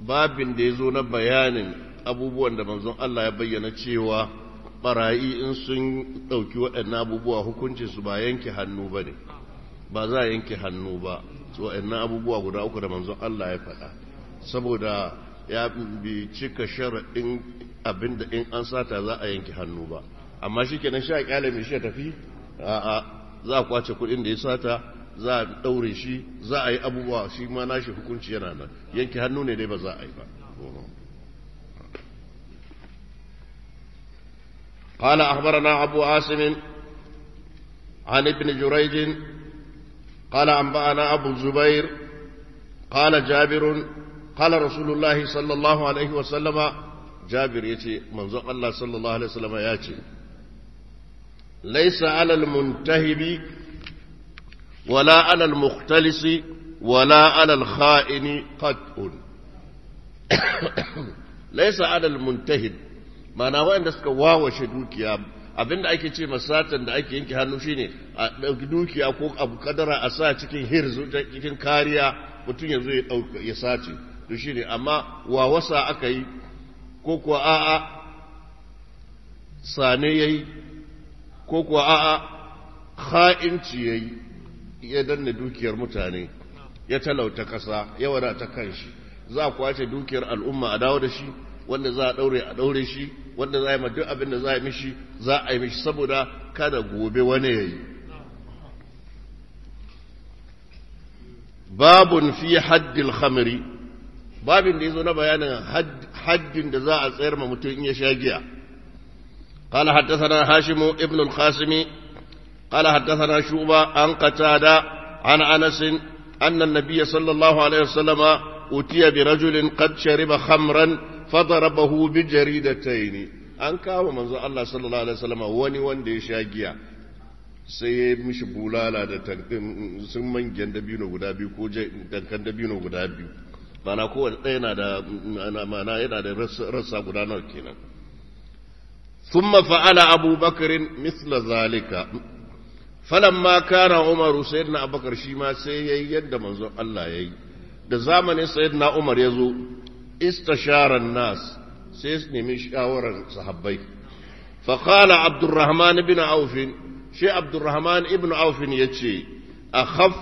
babin da ya zo na bayanin abubuwan da manzon Allah ya bayyana cewa barayi in sun ɗauki waɗannan abubuwa hukuncinsu ba yanke hannu ba ne ba za a yanke hannu ba waɗannan abubuwa guda uku da manzon Allah ya faɗa saboda ya bi cika sharaɗin abin da in an sata za a yanke hannu ba amma shi kenan sha ƙyale mai shi tafi a'a za a kwace kuɗin da ya sata za a daure shi za a yi abubuwa shi ma nashi hukunci yana nan yanke hannu ne dai ba za a yi ba قال أخبرنا أبو عاصم عن ابن جريج قال أنبأنا أبو الزبير قال جابر قال رسول الله صلى الله عليه وسلم جابر يتي منزق الله صلى الله عليه وسلم ياتي ليس على المنتهب ولا على المختلس ولا على الخائن قطع ليس على المنتهد ma'ana waɗanda suka wawashe dukiya abinda ake ce masatan da ake yanke hannu shine a ɗauki dukiya ko abu kadara a sa cikin hirzu cikin kariya mutum yanzu ya ya sace to shine amma wawasa aka yi ko kuwa a'a sane yayi ko kuwa a'a kha'inci yayi ya danne dukiyar mutane ya talauta kasa ya wadata kanshi za a kwace dukiyar al'umma a dawo da shi wanda za a daure a daure shi wanda za a yi duk abin da za a yi mishi za a yi mishi saboda kada gobe wani ya yi babun fi haddil khamri babin da ya zo na bayanin haddin da za a tsayar ma mutum in ya sha giya قال حدثنا هاشم ابن القاسم قال حدثنا شوبة عن قتادة عن أنس أن النبي صلى الله عليه وسلم أتي برجل قد شرب خمرا فضربه بجريدتين an kawo manzo Allah sallallahu alaihi wasallam wani wanda ya sha giya sai ya mishi bulala da tankin sun manyan dabino guda biyu ko tankan dabino guda biyu mana kowane ɗaya na da mana yana da rassa guda nawa kenan thumma fa'ala abubakarin misla zalika falamma kana umaru sayyidina abubakar shi ma sai yayi yadda manzon Allah yayi da zamanin sayyidina umar yazo istasharan nas sai su nemi shawaran sahabbai fa qala abdurrahman ibn auf shi abdurrahman ibn auf yace akhaf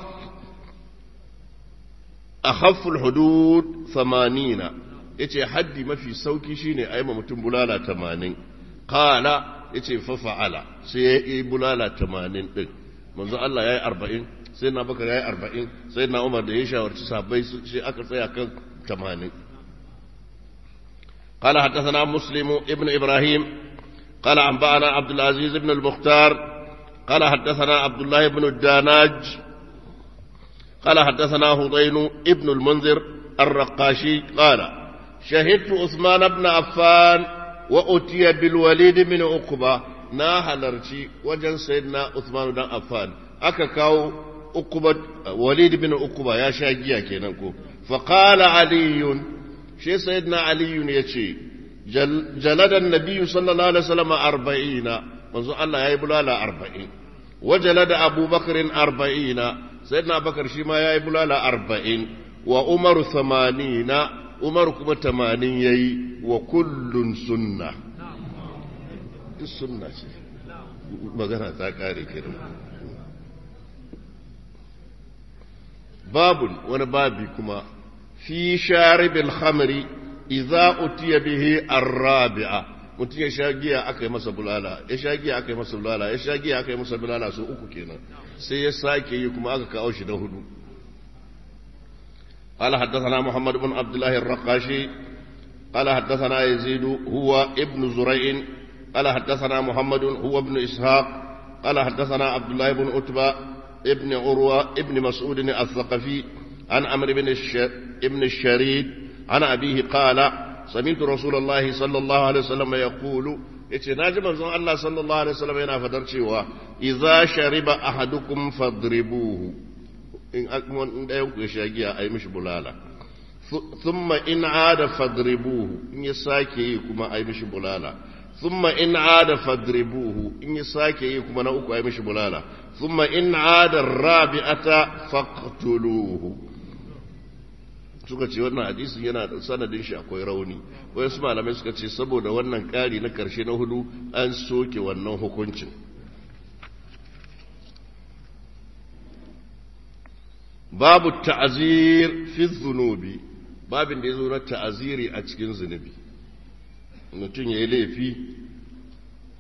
akhaf alhudud 80 yace haddi mafi sauki shine ayi mutum bulala 80 qala yace fa fa'ala sai ya yi bulala 80 din manzo Allah yayi 40 sai na bakar yayi 40 sai na Umar da ya shawarci sabai shi aka tsaya kan 80 قال حدثنا مسلم ابن إبراهيم قال أنبأنا عبد العزيز بن المختار قال حدثنا عبد الله بن الداناج قال حدثنا هضين ابن المنذر الرقاشي قال شهدت عثمان بن عفان wa utiya bil walid min uqba na halarci wajen sayyidina Uthman dan Affan aka kawo uqba walid bin uqba ya sha giya kenan ko fa qala ali shi sayyidina ali yace jalada an-nabiy sallallahu alaihi wasallam 40 manzo Allah yayi bulala 40 wa jalada abubakar 40 sayyidina abubakar shi ma yayi bulala 40 wa umaru 80 umar kuma tamanin ya yi wa kullun sunna sunna ce magana ta kare kira babun wani babi kuma fi sharibin hamari iza utiya bihi arrabi'a mutum ya sha aka yi masa bulala ya sha aka yi masa bulala ya sha aka yi masa bulala su uku kenan sai ya sake yi kuma aka kawo shi na hudu قال حدثنا محمد بن عبد الله الرقاشي قال حدثنا يزيد هو ابن زريع قال حدثنا محمد هو ابن إسحاق قال حدثنا عبد الله بن عتبه ابن عروة ابن مسعود الثقفي عن عمرو بن ابن الشريد عن أبيه قال سمعت رسول الله صلى الله عليه وسلم يقول اتناجم من الله صلى الله عليه وسلم ينافذ yana fadar cewa idza in ɗayan ku ya giya a yi mishi bulala thumma in ada fadribuhu in ya sake yi kuma a yi mishi bulala thumma in ada fadribuhu in ya sake yi kuma na uku a yi mishi bulala thumma in ada rabi'ata faqtuluhu suka ce wannan hadisin yana da sanadin shi akwai rauni su malamai suka ce saboda wannan kari na karshe na hudu an soke wannan hukuncin babu ta'azir fi zunubi babin da ya zo na ta'aziri a cikin zunubi mutum ya yi laifi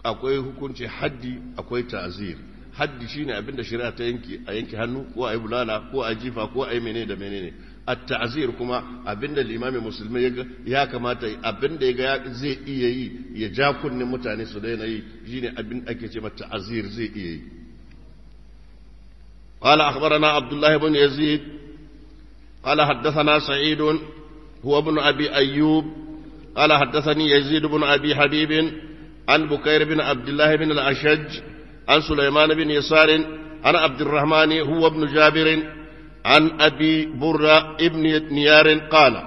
akwai hukunci haddi akwai ta'aziri haddi shine abinda shari'a ta yanki a yanki hannu ko a yi bulala ko a jifa ko a yi menene da menene A tazir kuma abinda limamin musulmi yaga ya kamata abinda yaga zai iya yi ya ja kunnen mutane su daina yi shine abin ake ce mata ta'zir zai iya yi قال أخبرنا عبد الله بن يزيد قال حدثنا سعيد هو ابن أبي أيوب قال حدثني يزيد بن أبي حبيب عن بكير بن عبد الله بن الأشج عن سليمان بن يسار عن عبد الرحمن هو ابن جابر عن أبي برة ابن نيار قال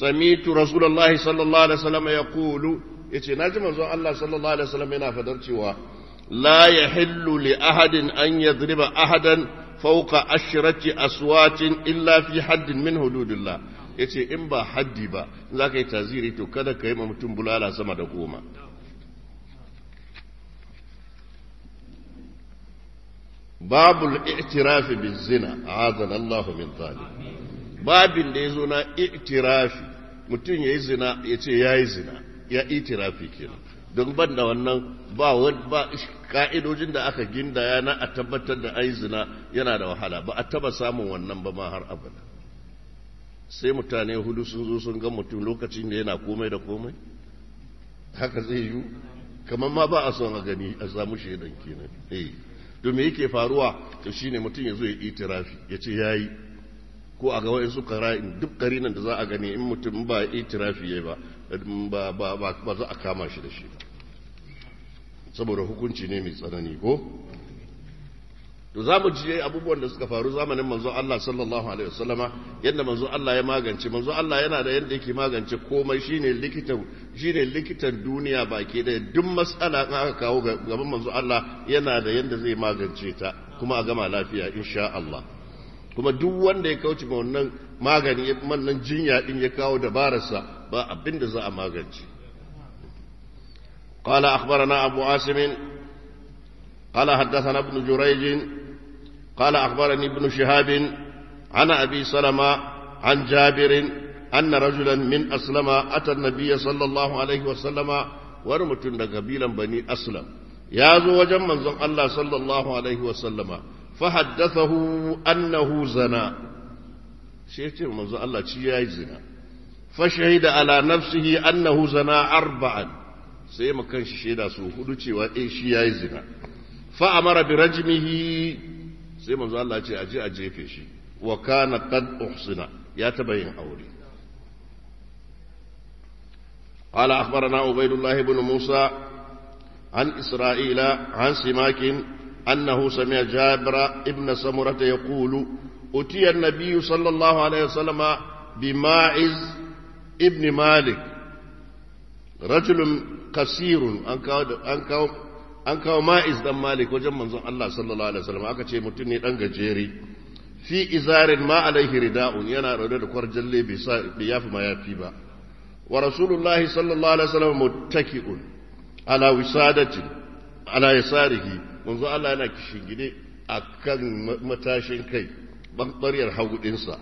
سميت رسول الله صلى الله عليه وسلم يقول يتي الله صلى الله عليه وسلم ينافذر لا يحل لأحد أن يضرب أحدا فوق عشرة أصوات إلا في حد من حدود الله yace in ba haddi ba za ka yi taziri to kada ka yi ma mutum bulala sama da goma babul i'tirafi bin zina azan Allahu min zalim babin da ya zo na i'tirafi mutum ya yi zina ya ce ya yi zina ya itirafi kenan don ban da wannan ba ba ka'idojin da aka gindaya na a tabbatar da aizina yana da wahala ba a taba samun wannan ba ma har abada sai mutane hudu sun zo sun ga mutum lokacin da yana komai da komai haka zai yiwu kamar ma ba a son a gani a samu shaidan kenan eh to yake faruwa to shine mutum ya zo ya itirafi ya ce yayi ko a ga wa'insu kara'in duk karinan da za a gani in mutum ba itirafi ya ba ba ba za a kama shi da shi ba saboda hukunci ne mai tsanani ko to za mu ji abubuwan da suka faru zamanin manzo Allah sallallahu alaihi wasallama yadda manzo Allah ya magance manzo Allah yana da yadda yake magance komai shine likitan shine likitan duniya baki da duk matsala ka aka kawo gaban manzo Allah yana da yadda zai magance ta kuma a gama lafiya insha Allah kuma duk wanda ya kauce ma wannan magani wannan jinya din ya kawo dabararsa ba abinda za a magance قال أخبرنا أبو عاصم قال حدثنا ابن جريج قال أخبرني ابن شهاب عن أبي سلمة عن جابر أن رجلا من أسلم أتى النبي صلى الله عليه وسلم ورمت قبيلا بني أسلم يا ذو وجم من الله صلى الله عليه وسلم فحدثه أنه زنا شيخ من الله شيء زنا فشهد على نفسه أنه زنا أربعا sai kan shi shaida su hudu cewa a eh, shi ya yi zina fa’amara bi rajimihi sai manzo Allah ce aji a jefe shi wa kana qad uhsina ya taba yin aure qala akhbarana ubaydullah ibn musa an isra'ila an simakin annahu sami'a jabra ibn samurata yaqulu utiya an-nabiy sallallahu alayhi wa bi ma'iz ibn malik rajulun kasirun an kawo an ma'iz dan malik wajen manzon Allah sallallahu alaihi wasallam aka ce mutum ne dan gajeri fi izarin ma alaihi rida'un yana rauda da kwarjan lebe bi yafi ma yafi ba wa rasulullahi sallallahu alaihi wasallam muttaki'un ala wisadati ala yasarihi manzon Allah yana kishin gide akan matashin kai bakbariyar hagudin sa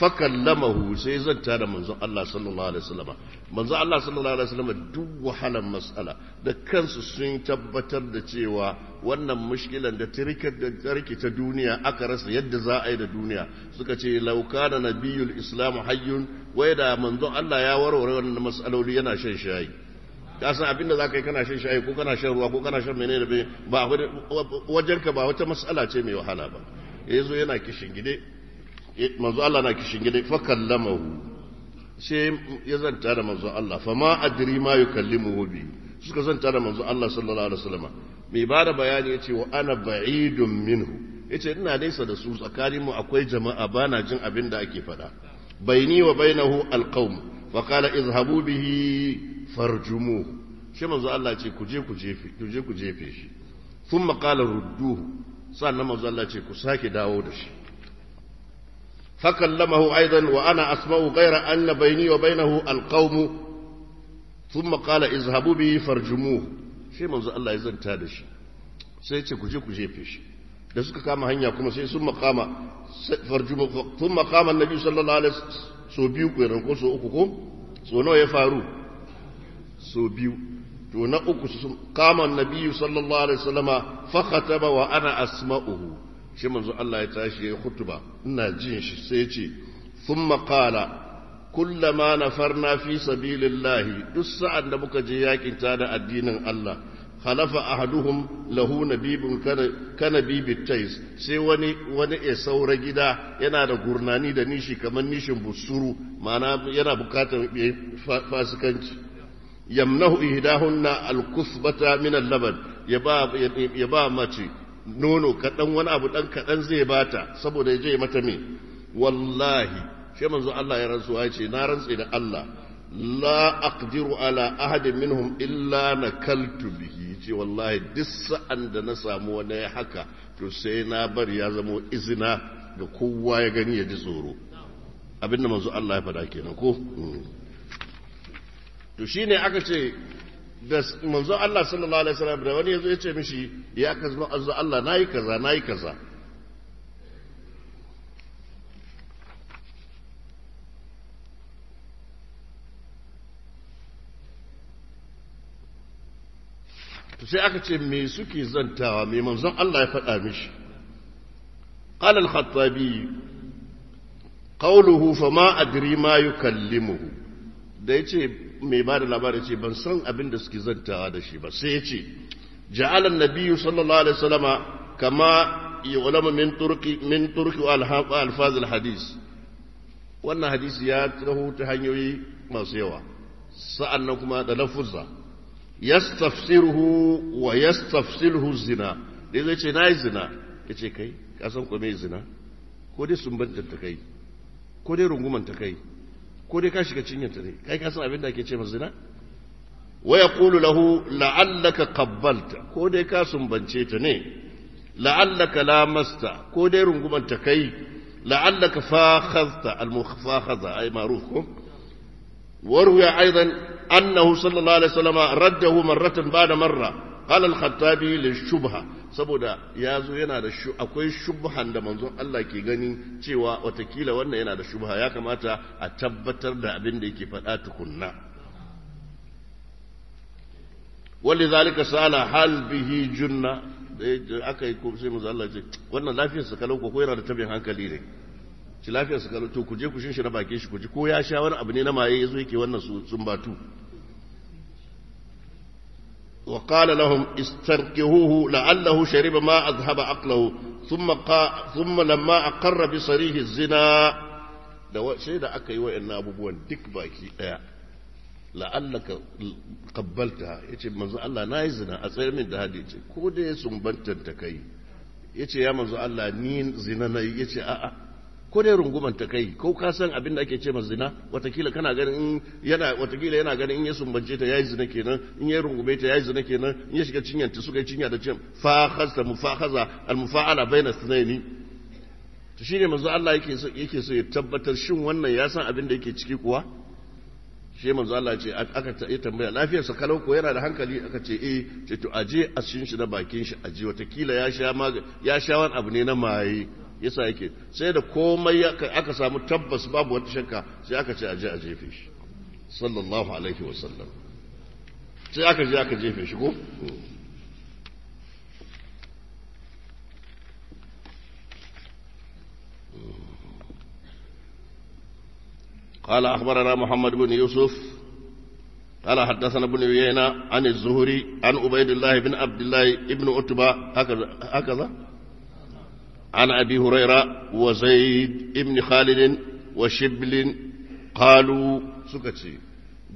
fakallamahu sai zanta da manzon Allah sallallahu alaihi wasallam manzon Allah sallallahu alaihi wasallam duk wahalan mas'ala da kansu sun tabbatar da cewa wannan mushkilan da tirikar da tsarki ta duniya aka rasa yadda za a yi da duniya suka ce laukana nabiyul islam hayyun wai da manzon Allah ya warware wannan mas'aloli yana shan shayi ka san abin da za yi kana shan shayi ko kana shan ruwa ko kana shan menene ba wajenka ba wata mas'ala ce mai wahala ba yazo yana kishin gide manzo Allah na kishin gida fa kallamahu sai ya zanta da manzo Allah fa ma adri ma yukallimuhu bi suka zanta da manzo Allah sallallahu alaihi wasallam mai bada da bayani yace wa ana ba'idun minhu yace ina nesa da su tsakanin mu akwai jama'a bana jin abin da ake faɗa baini wa bainahu alqaum fa qala izhabu bihi farjumuhu shi manzo Allah ce ku je ku jefe ku je ku jefe shi thumma qala rudduhu sannan manzo Allah ce ku sake dawo da shi فكلمه أيضا وأنا أسمع غير أن بيني وبينه القوم ثم قال اذهبوا به فارجموه shi manzo Allah ya zanta da sai ce ku je ku jefe shi da suka kama hanya kuma sai sun makama farjumu sun makama annabi sallallahu alaihi so biyu kenan ko so uku ko so nawa ya faru so biyu to na uku sun sallallahu alaihi fa shi manzo Allah ya tashi ya hutuba ina jin shi sai ya ce thumma qala kullama farna fi sabilillahi duk sa'an da muka je yakin da addinin Allah khalafa ahaduhum lahu nabibun kana bibit tais sai wani wani ya saura gida yana da gurnani da nishi kamar nishin busuru ma'ana yana bukatar fasikanci yamnahu ihdahunna alkusbata min al-laban ya ba mace nono kaɗan wani abu ɗan kaɗan zai bata saboda ya mata min. wallahi shi manzo Allah ya rasu ya ce na rantse da Allah la aqdiru ala ahadin minhum illa nakaltu bihi ce wallahi duk sa'an da na samu wani haka to sai na bar ya zamo izina ga kowa ya gani ya ji tsoro abinda manzo Allah ya faɗa kenan ko hmm. to shine aka ce da manzo Allah sallallahu alaihi wasallam da wani yazo ya ce mishi ya kazma azza Allah nayi kaza nayi kaza to sai aka ce me suke zantawa me manzon Allah ya faɗa mishi قال الخطابي قوله فما أدري ما يكلمه da yace mai ba da labari ce ban san abin da suke zantawa da shi ba sai ya ce ja'alan nabiyyu sallallahu alaihi wasallama kama yulama min turki min turki alfaz hadis wannan hadisi ya tsaho ta hanyoyi masu yawa sa'annan kuma da lafuzza yastafsiruhu wa yastafsiluhu zina dai zai ce nayi zina yace kai ka san ko me zina ko dai sumbantar ta kai ko dai runguman ta kai ko dai ka shiga cinyarta ne kai ka san abin da ake ce masa zina wa yaqulu lahu la'allaka qabbalta ko dai ka sumbance ta ne la'allaka lamasta ko dai runguman ta kai la'allaka fakhazta al-mufakhaza ay ma'ruf ko وروي أيضا أنه صلى الله عليه وسلم رده مرة بعد مرة قال الخطابي للشبهه saboda ya zo yana da akwai shubhan da manzon Allah ke gani cewa watakila wannan yana da shubha ya kamata a tabbatar da abin da yake faɗa tukunna wali zalika sala hal bihi junna aka yi sai manzon Allah ce wannan lafiyar sa kalau ko yana da tabin hankali ne ci lafiyar sa kalau to ku je ku shin shi na bakin shi ku ji ko ya sha wani abu ne na maye yazo yake wannan sun batu وقال لهم استركهوه لعله شرب ما أذهب عقله ثم, قا ثم لما أقر بصريح الزنا da sai da aka yi wa'in abubuwan duk baki ɗaya la'allaka kabbalta ya ce manzo Allah na yi zina a tsayar min da hadi ko da ya sumbantar kai ya ce ya Allah ni zina na yi ya ce a'a ko dai runguman ta kai ko ka san abin da ake ce masa zina watakila kana ganin yana watakila yana ganin in ya sumbance ta yayi zina kenan in ya rungume ta yayi zina kenan in ya shiga cinyar ta suka yi cinya da cin fakhazta mufakhaza al mufa'ala baina sunaini to shine manzo Allah yake so yake so ya tabbatar shin wannan ya san abin da yake ciki kuwa shi manzo Allah ce aka ta tambaya lafiyar sa kalau ko yana da hankali aka ce eh ce to aje a shin shi da bakin shi aje watakila ya sha ya sha wani abu ne na maye yasa yake sai da komai aka samu tabbas babu wata shakka sai aka ce aje a jefe shi sallallahu alaihi wasallam sai aka je aka jefe shi ko قال أخبرنا محمد بن يوسف قال حدثنا بن عيينة عن الزهري عن عبيد الله بن عبد الله بن عتبة هكذا هكذا عن أبي هريرة وزيد ابن خالد وشبل قالوا سكتي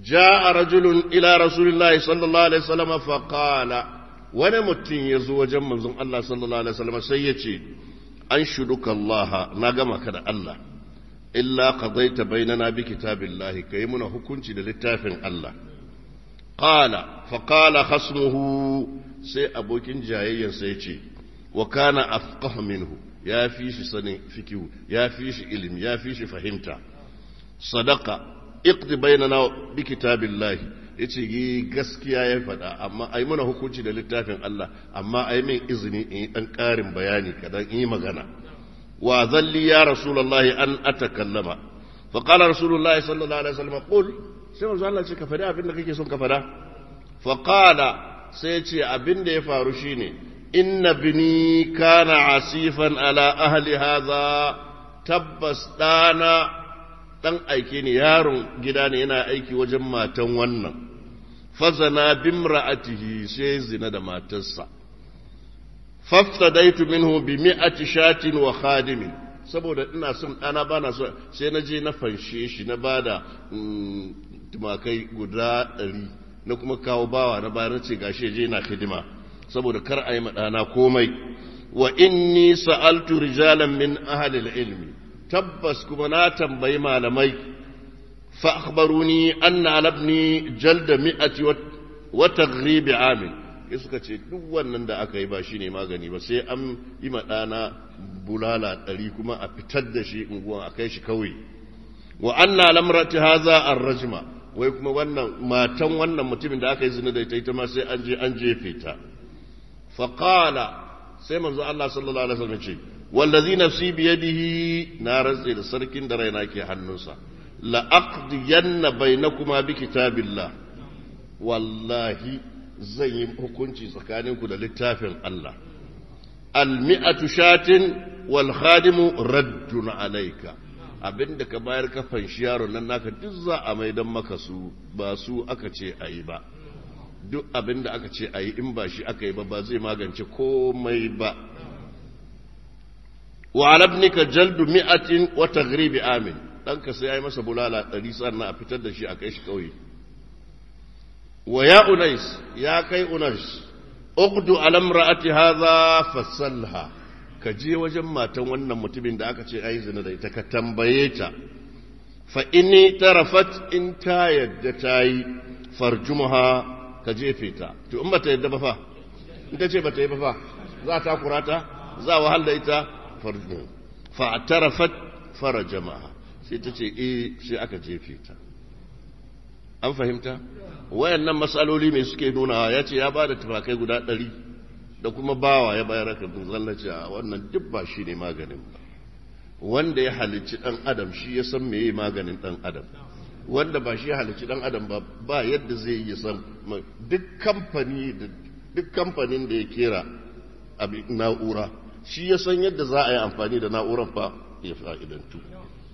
جاء رجل إلى رسول الله صلى الله عليه وسلم فقال ونمت يزوج من الله صلى الله عليه وسلم سيتي أنشدك الله نقم كذا الله إلا قضيت بيننا بكتاب الله كيمنا حكمت للتاف الله قال فقال خصمه سي أبوك جايا سيتي Wakana kana minhu ya fi shi sanin fikihu ya fi shi ilimi ya fi shi fahimta sadaka iqdi bainana yace yi gaskiya ya faɗa amma ai mana hukunci da littafin Allah amma ai min izini in yi ɗan ƙarin bayani kadan in yi magana wa zalli ya rasulullahi an atakallama fa qala rasulullahi sallallahu alaihi wasallam qul sai manzo Allah ce ka faɗi abin da kake son ka faɗa fa qala sai ce abin da ya faru shine inna bini kana asifan ala ahli haza tabbas ɗana ɗan aike ni yaron gida ne yana aiki wajen matan wannan fazana bimra'atihi sai zina da matarsa faftadaitu minhu bi mi'ati shatin wa khadimin saboda ina son ɗana bana so sai na je na fanshe shi na bada mm, tumakai guda ɗari na kuma kawo bawa na bayar ce gashi je na hidima saboda kar a yi maɗana komai wa inni sa'altu rijalan min ahalil ilmi tabbas kuma na tambayi malamai fa akhbaruni anna labni jalda mi'ati wa taghribi amin ya suka ce duk wannan da aka yi ba shine magani ba sai an yi maɗana bulala ɗari kuma a fitar da shi unguwan a kai shi kawai wa anna lamrati haza ar wai kuma wannan matan wannan mutumin da aka yi zina da ita ita ma sai an je an jefe ta faƙala sai manzo Allah sallallahu alaihi wasallam ce wallazi nafsi biyadihi na rantse da sarkin da raina ke hannunsa la aqdiyanna bainakuma bi kitabillah wallahi zan yi hukunci tsakaninku da littafin Allah al mi'atu shatin wal khadimu raddun alayka abinda ka bayar kafan shi yaron nan naka duk za a maidan maka su ba su aka ce ayi ba duk abin da aka ce a yi in ba shi aka yi ba ba zai magance komai ba wa alabnika jaldu mi'atin wa taghribi amin ka sai ya masa bulala ɗari sannan a fitar da shi a kai shi ƙauye wa ya unais ya kai unais uqdu alamra'ati hadha fasalha ka je wajen matan wannan mutumin da aka ce ai zina da ita ka tambaye ta fa inni tarafat in ta yadda ta yi ka jefe ta to in bata yadda ba fa in ta ce bata yi ba fa za ta kurata za wahala ita farjin fa tarafat fara jama'a sai ta ce eh sai aka jefe ta an fahimta wayannan matsaloli mai suke nuna ya ce ya bada tufakai guda ɗari da kuma bawa ya bayar aka zallace a wannan duk ba shi ne maganin ba wanda ya halicci ɗan adam shi ya san meye maganin ɗan adam wanda ba shi halicci dan adam ba ba yadda zai yi san duk kamfani duk kamfanin da ya kera na'ura shi ya san yadda za a yi amfani da na'urar fa ya fa'idantu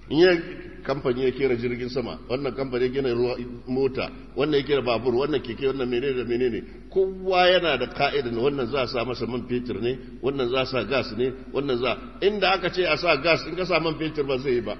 in ya kamfani ya kera jirgin sama wannan kamfani ya gina ruwa mota wannan ya kera babur wannan keke wannan menene da menene kowa yana da ka'idan wannan za a sa masa man fetur ne wannan za a sa gas ne wannan za inda aka ce a sa gas in ka sa man fetur ba zai yi ba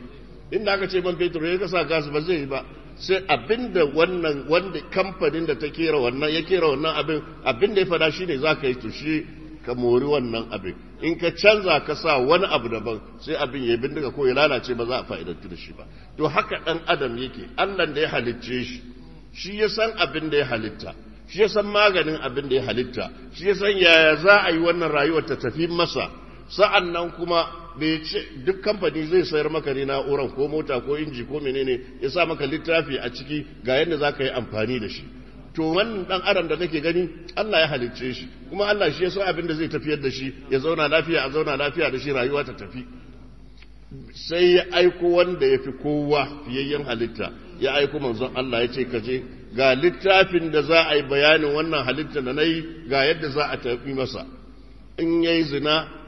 inda aka ce man fetur ya kasa gasu ba zai yi ba sai abinda wannan wanda kamfanin da ta kera wannan ya kera wannan abin abinda ya fada shine za ka yi tushe ka mori wannan abin in ka canza ka sa wani abu daban sai abin ya bindiga ko ya lalace ba za a fa'idantu da shi ba to haka dan adam yake Allah da ya halicce shi shi ya san abin da ya halitta shi ya san maganin abin da ya halitta shi ya san yaya za a yi wannan rayuwar ta tafi masa sa'an nan kuma ce duk kamfani zai sayar maka ne na'uran ko mota ko inji ko menene ya sa maka littafi a ciki ga yadda za ka yi amfani da shi to wannan dan adam da nake gani Allah ya halicce shi kuma Allah shi ya so abin da zai tafiyar da shi ya zauna lafiya a zauna lafiya da shi rayuwa ta tafi sai ya aiko wanda ya fi kowa fiyayyen halitta ya aiko manzon Allah ya ce ka je ga littafin da za a yi bayanin wannan halitta da na yi ga yadda za a tafi masa in ya yi zina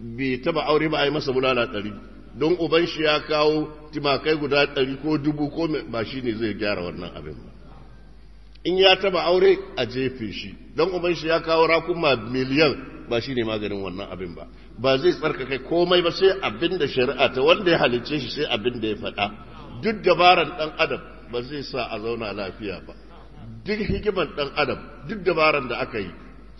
bai taba aure ba a yi masa bulala ɗari don uban shi ya kawo timakai guda ɗari ko dubu ko ba shi ne zai gyara wannan abin ba in ya taba aure a jefe shi don uban shi ya kawo rakuma miliyan ba shi ne maganin wannan abin ba ba zai kai komai ba sai abin da shari'a ta wanda ya halicce shi sai abin da ya faɗa duk dabaran ɗan adam ba zai sa a zauna lafiya ba duk hikiman ɗan adam duk dabaran da aka yi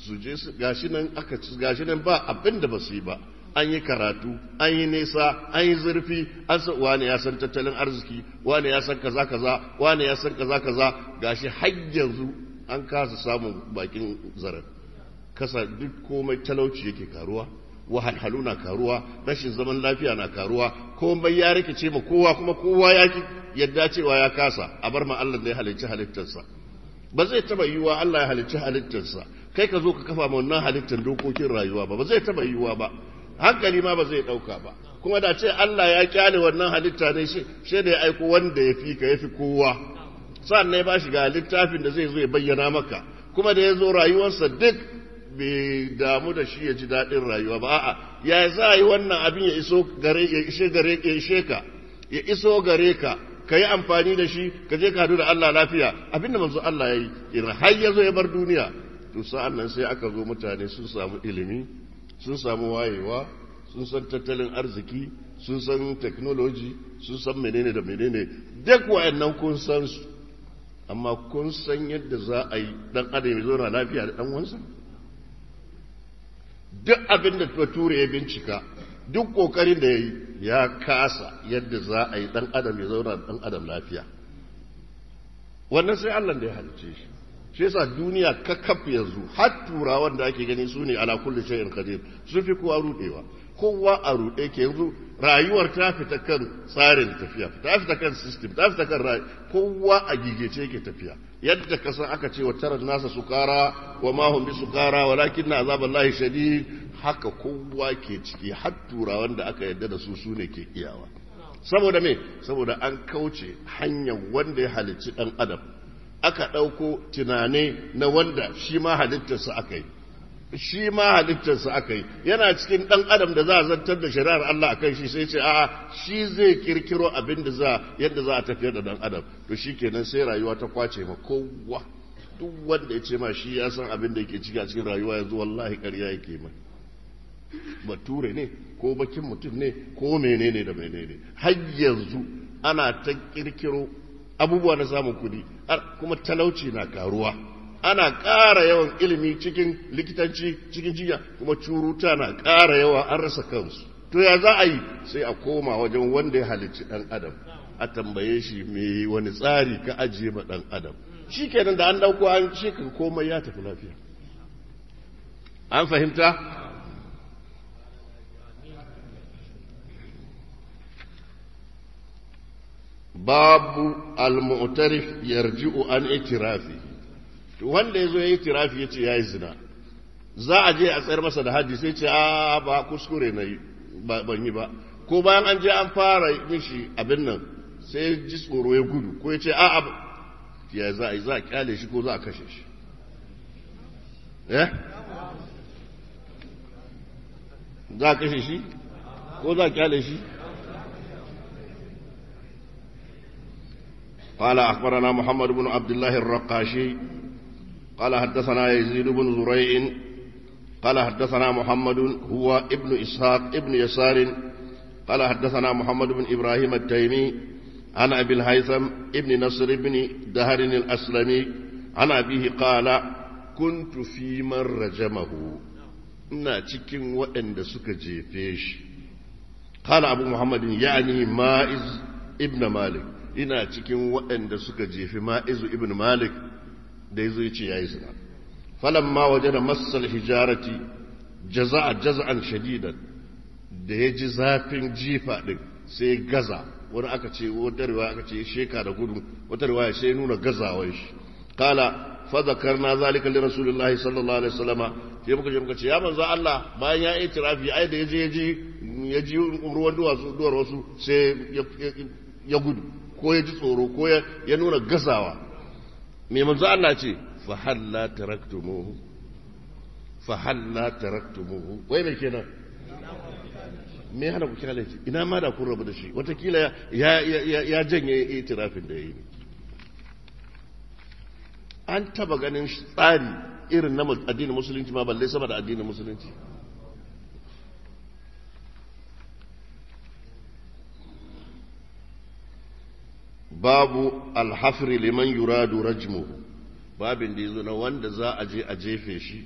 su je gashi nan aka ci gashi nan ba abin da ba su yi ba an yi karatu an yi nesa an yi zurfi an san wani ya san tattalin arziki wani ya san kaza kaza wani ya san kaza kaza gashi har yanzu an kasa samun bakin zarar kasa duk komai talauci yake karuwa wahalhalu na karuwa rashin zaman lafiya na karuwa komai ya rikice ma kowa kuma kowa ya yadda cewa ya kasa a bar ma Allah da ya halicci halittarsa ba zai taba yiwa Allah ya halicci halittarsa kai ka zo ka kafa ma wannan halittar dokokin rayuwa ba ba zai taba yiwuwa ba hankali ma ba zai dauka ba kuma da ce Allah ya kyale wannan halitta ne shi shi da ya aiko wanda ya fi ka ya fi kowa sannan ya ba shi ga littafin da zai zo ya bayyana maka kuma da ya zo rayuwarsa duk bai damu da shi ya ji daɗin rayuwa ba a'a ya za a yi wannan abin ya iso gare ya ishe gare ya ishe ka ya iso gare ka ka yi amfani da shi ka je ka da Allah lafiya abinda manzo Allah ya yi har ya zo ya bar duniya sa'an nan sai aka zo mutane sun samu ilimi sun samu wayewa sun san tattalin arziki sun san teknoloji sun san menene da menene duk nan kun san su amma kun san yadda za a yi dan adam ya zauna lafiya da dan wansa duk abin da bature ya bincika duk kokarin da ya yi ya kasa yadda za a yi dan adam ya zauna dan adam lafiya wannan sai Allah da ya halice shi shi yasa duniya kakaf yanzu har turawan da ake gani su ne ala kulli shay'in qadir sun fi kowa rudewa kowa a rude ke yanzu rayuwar ta fita kan tsarin tafiya ta fita kan system ta fita kan rayu kowa a gigece yake tafiya yadda kasan aka ce wa tarar nasa sukara wa ma hum bi sukara walakin na azaballahi shadid haka kowa ke ciki har turawan da aka yadda da su su ne ke iyawa saboda me saboda an kauce hanyar wanda ya halicci dan adam aka ɗauko tunani na wanda shi ma halittarsa aka yi shi ma halittarsa aka yi yana cikin ɗan adam da za a zantar da shari'ar Allah a kan shi sai ce a'a shi zai kirkiro abin da za yadda za a tafiyar da ɗan adam to shi kenan sai rayuwa ta kwace ma kowa duk wanda ya ce ma shi ya san abin da yake ciki a cikin rayuwa yanzu wallahi ƙarya yake mai bature ne ko bakin mutum ne ko menene da menene har yanzu ana ta kirkiro abubuwa na samun kudi kuma talauci na karuwa ana ƙara yawan ilimi cikin likitanci cikin jiya, kuma curuta na ƙara yawa an rasa kansu to ya za a yi sai a koma wajen wanda ya halicci ɗan adam a tambaye shi me wani tsari ka ajiye ma ɗan adam shi kenan da an ɗauko an ce komai ya tafi lafiya an fahimta babu المعترف يرجع yarji'u an itirafi to wanda yazo yayi itirafi yace yayi zina za a je a tsayar masa da haji sai ce a ba kuskure na yi ban yi ba ko bayan an je an fara mishi abin nan sai ji tsoro ya gudu ko ya ce a ya za a yi za a kyale shi ko za a kashe shi eh za a kashe shi ko za a kyale shi قال أخبرنا محمد بن عبد الله الرقاشي قال حدثنا يزيد بن زريع قال حدثنا محمد هو ابن إسحاق ابن يسار قال حدثنا محمد بن إبراهيم التيمي عن أبي الهيثم ابن نصر بن دهر الأسلمي عن أبيه قال كنت في من رجمه ina cikin waɗanda suka jefe shi قال أبو محمد يعني مائز ابن مالك ina cikin waɗanda suka jefi ma'izu ibn malik da ya zo ya yi zina falamma waje da matsal hijarati jaza'a jaza'an shadidan da ya ji zafin jifa ɗin sai gaza wani aka ce wata riwaya aka ce sheka da gudu wata riwaya sai nuna gazawar shi kala fadakarna zalika li rasulillahi sallallahu alaihi wasallama sai muka je muka ce ya manzo Allah bayan ya itirafi ai da yaje yaje ya ji ruwan duwatsu duwar wasu sai ya gudu ko ya ji tsoro ko ya nuna gazawa mai manzo Allah ce fa halla taraktumuhu fa halla taraktumuhu wai me kenan me hana ku kira laifi ina ma da kun rabu da shi watakila ya ya janye itirafin da yayi an taba ganin tsari irin na addinin musulunci ma balle sama da addinin musulunci babu alhafri liman yuradu rajmuhu babin da yazo na wanda za a je a jefe shi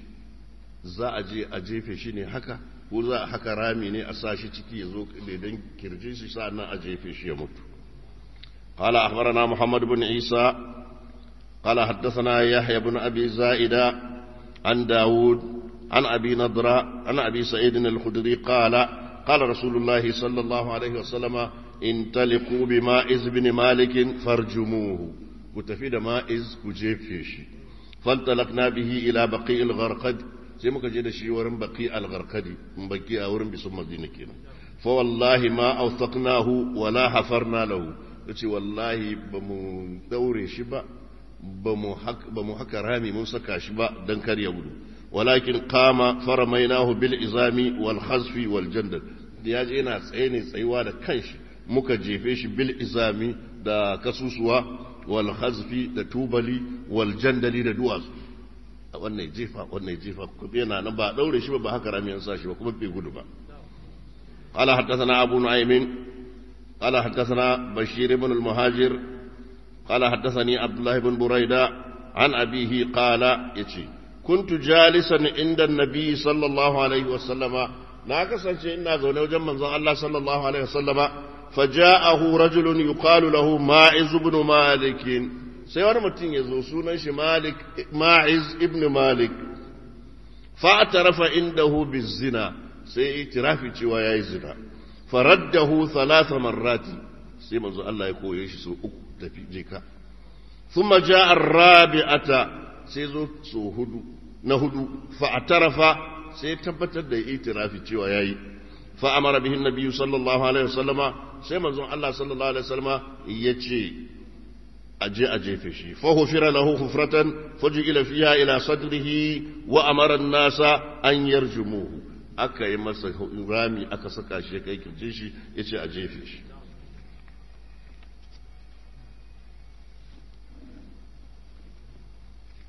za a je a jefe shi ne haka ko za a haka rami ne a sa shi ciki yazo daidan kirjin shi sa'annan a jefe shi ya mutu قال أخبرنا محمد بن عيسى قال حدثنا يحيى بن أبي زائدة عن داود عن أبي نضرة عن أبي سعيد الخدري قال قال رسول الله صلى الله عليه وسلم انطلقوا بمائز بن مالك فارجموه كتفيد مائز كجيب فيشي فانطلقنا به الى بقيء الغرقد زي ما كجيد شي ورم بقيء الغرقد مبقي اورم بسم الدين فوالله ما اوثقناه ولا حفرنا له تشي والله بمو دوري شبا بمو حك بمو حك رامي ممسك شبا دنكر يبدو ولكن قام فرميناه بالعظام والخزف والجندل يا جينا سيني سيوانا كيشي muka jefe shi bil izami da kasusuwa wal da tubali wal jandali da duwatsu a wannan jefa wannan jefa kuma yana nan ba daure shi ba ba haka rami yansa shi ba kuma bai gudu ba qala hadathana abu nu'aymin qala hadathana bashir ibn al muhajir qala hadathani abdullah ibn buraida an abihi qala yace kuntu jalisan inda nabi sallallahu alaihi wasallama na kasance ina zaune wajen manzon Allah sallallahu alaihi wasallama فجاءه رجل يقال له ماعز بن مالك sai wani mutum ya zo sunan shi malik ma'iz ibn malik fa'atarafa indahu bizina sai itirafi cewa yayi zina faraddahu thalatha marrati sai manzo Allah ya koye shi so uku tafi je ka thumma ja'a rabiata sai zo so hudu na hudu fa'atarafa sai tabbatar da itirafi cewa yayi fa amara bihin nabiyyu sallallahu alaihi wasallama sai manzon Allah sallallahu alaihi wasallama yace aje a jefe shi fa hufira lahu hufratan fujila fiha ila sadrihi wa amara nasa an yarjumuhu aka yi masa rami aka saka shi kai kirje shi yace a jefe shi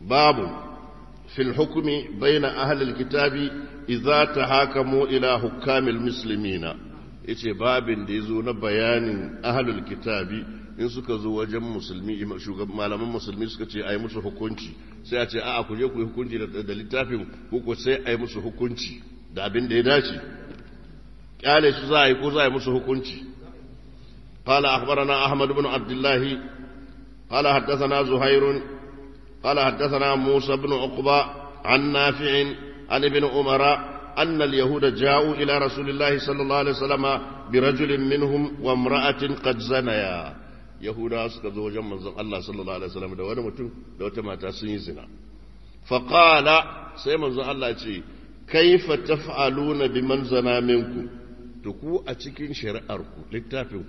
babu في الحكم بين أهل الكتاب إذا تهاكموا إلى حكام المسلمين yace babin da ya zo na bayanin ahalul kitabi in suka zo wajen musulmi malaman musulmi suka ce a yi musu hukunci sai a ce a ku je ku yi hukunci da littafin ko sai a yi musu hukunci da abin da ya dace kyale su za a yi ko za a yi musu hukunci قال أخبرنا أحمد بن Abdullahi, الله قال حدثنا زهير قال حدثنا موسى بن عقبة عن نافع عن ابن عمر أن اليهود جاءوا إلى رسول الله صلى الله عليه وسلم برجل منهم وامرأة قد زنيا يهودا أسكذوا جمع الله صلى الله عليه وسلم دوانا متن لو تمات سنزنا فقال سيما الله يتي كيف تفعلون بمن زنا منكم تكو أتكين شرعركم لكتابكم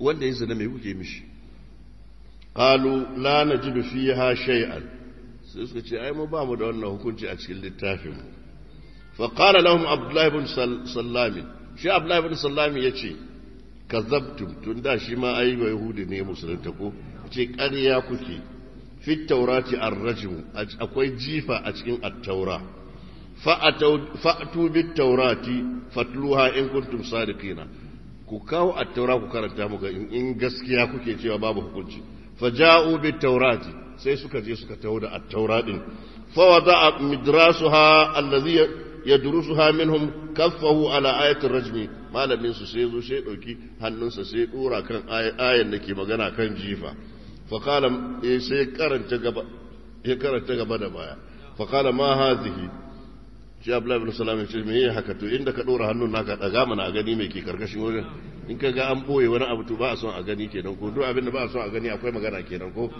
وانا يزنا ميوكي مشي Kalu, la najidu fiha shay'an Su suka ce ai mu ba mu da wannan hukunci a cikin littafin mu fa qala lahum abdullah ibn sallam shi abdullah ibn sallam yace kazabtum tun da shi ma ai hudu yahudi ne musulunta ko ce ƙarya kuke fit taurati ar akwai jifa a cikin at-taura fa'atu bit taurati fatluha in kuntum sadiqina ku kawo at-taura ku karanta ga in gaskiya kuke cewa babu hukunci faja'u bit taurati sai suka je suka taho da at-taura din fa wada'a midrasuha allazi yadrusuha minhum kaffahu ala ayatir rajmi malamin su sai zo sai dauki hannunsa sai dora kan ayan nake magana kan jifa fa qala sai karanta gaba ya karanta gaba da baya fa qala ma hadhihi shi abdullahi ibn salam ya ce me yake haka to inda ka dora hannun naka ɗaga mana a gani me ke karkashin wajen in ka ga an boye wani abu to ba a son a gani kenan ko duk abin da ba a son a gani akwai magana kenan ko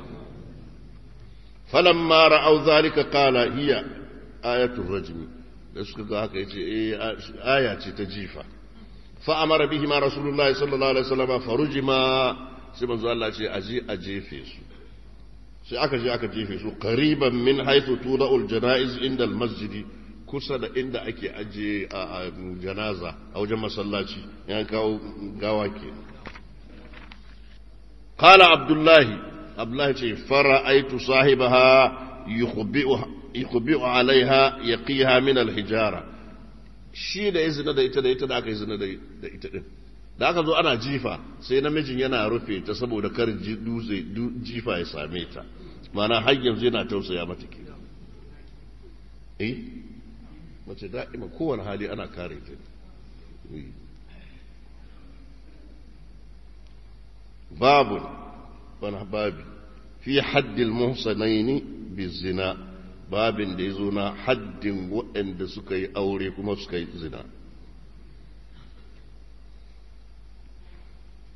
mara ra'aw zalika qala hiya ayatul rajm da suka ga haka yace eh aya ce ta jifa fa amara bihi ma rasulullahi sallallahu alaihi wasallam farujima sai manzo Allah ce je a jefe su sai aka je aka jefe su qariban min haythu tuda'ul janaiz inda al masjidi kusa da inda ake ajiye a janaza a wajen masallaci ya kawo gawa ke kala abdullahi abdullahi ce fara aitu sahibaha yukhbi'u alaiha yaqiha min alhijara shi da ya zina da ita da ita da aka yi zina da ita din da aka zo ana jifa sai namijin yana rufe ta saboda kar jifa ya same ta mana har yanzu yana tausaya mata mace da'ima kowane hali ana kare ta babu wani babi fi haddil muhsanaini bi zina babin da ya zo na haddin waɗanda suka yi aure kuma suka yi zina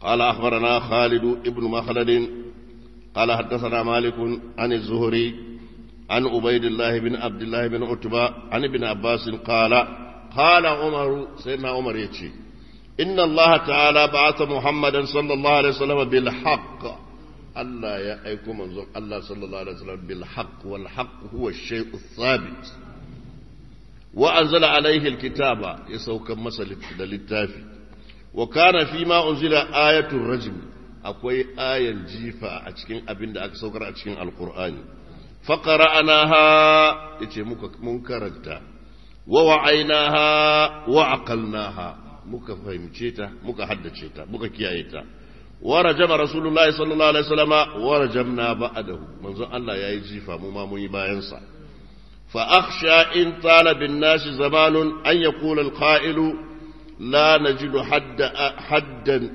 قال أخبرنا خالد ابن مخلد قال حدثنا مالك عن الزهري عن عبيد الله بن عبد الله بن عتبة عن ابن عباس قال قال عمر سيدنا عمر يتشي إن الله تعالى بعث محمدا صلى الله عليه وسلم بالحق الله أيكم منظر الله صلى الله عليه وسلم بالحق والحق هو الشيء الثابت وأنزل عليه الكتاب يسوك مسألة للتافي وكان فيما أنزل آية الرجم أقوي آية الجيفة أتشكين أبند أكسوكر أتشكين القرآن فقرأناها يتي موكا مونكا ووعيناها وعقلناها موكا فهم شيتا موكا حد شيتا موكا كيايتا ورجم رسول الله صلى الله عليه وسلم ورجمنا بعده من زو الله يا يجيفا مما مويبا ينصى فأخشى إن طال بالناس زمان أن يقول القائل لا نجد حد حدا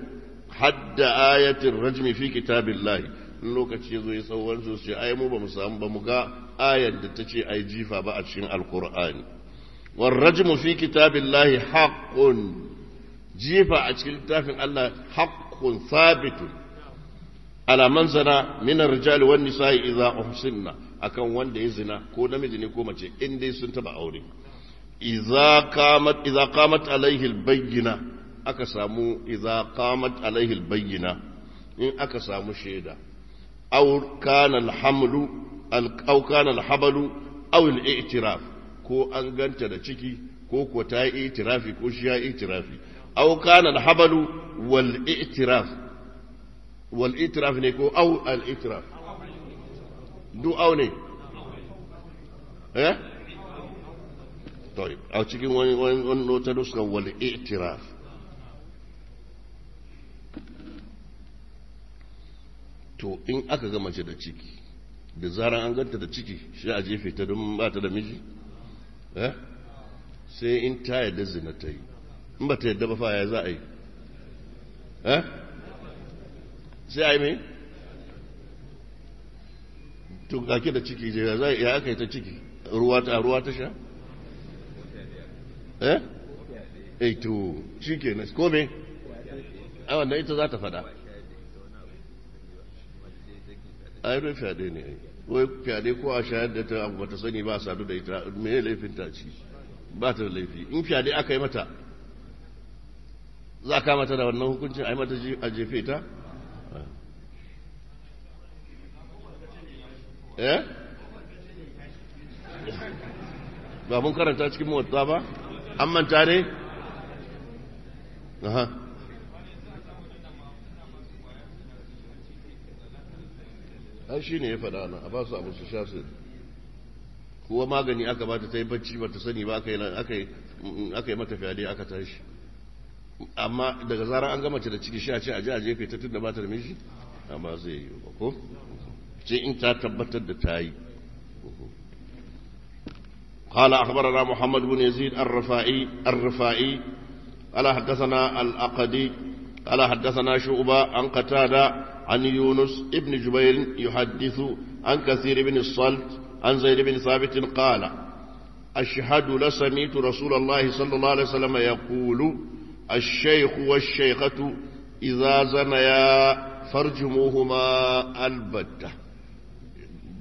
حد آية الرجم في كتاب الله lokaci ya zo ya sauwar su ce ai mu ba mu samu ba mu ga ayar da ta ce ai jifa ba a cikin alkur'ani warrajmu fi kitabillahi haqqun jifa a cikin littafin Allah haqqun sabitun ala man zana min ar-rijal wan nisa'i idza uhsinna akan wanda ya zina ko namiji ne ko mace in dai sun taba aure idza qamat idza qamat al-bayyina aka samu idza qamat al-bayyina in aka samu shaida aw kana alhamlu aw kana al-i'tiraf ko an ganta da ciki ko ko ta yi itirafi ko shi ya itirafi aw kana alhabalu wal i'tiraf wal i'tiraf ne ko aw al i'tiraf du aw ne eh طيب أو تكون وين وين وين تدرس wal i'tiraf to in aka ga mace da ciki da zaran an ganta da ciki shi a jefe ta don ba ta da miji eh? sai in ta yadda zina ta yi in ba ta yadda ba fa ya za a yi eh? sai a yi mai To tunkake da ciki je za ya aka yi ta ciki ruwa ta ruwa ta sha eh eh to shi ke ko me a wannan ita za ta fada ai don fyaɗe ne wai fyaɗe ko a shayar da ta abu bata sani ba sadu da ita me laifin ta ci ba ta laifi in fyaɗe aka yi mata za ka mata da wannan hukuncin ai mata a jefe ta eh ba mun karanta cikin mawata ba an manta ne aha ai shi ne ya faɗa ana a ba su abu su sha su kuwa magani aka ba ta ta yi bacci ba ta sani ba aka yi mm, mata fyaɗe aka tashi amma daga zarar an gama da ciki sha ce a ji a jefe ta tunda ba ta da miji amma zai yi ba ko ce in ta tabbatar da ta yi قال أخبرنا محمد بن يزيد الرفائي الرفائي قال حدثنا الأقدي قال حدثنا شعبة عن قتادة عن يونس ابن جبير يحدث عن كثير بن الصلت عن زيد بن ثابت قال أشهد لسميت رسول الله صلى الله عليه وسلم يقول الشيخ والشيخة إذا زنيا فارجموهما البتة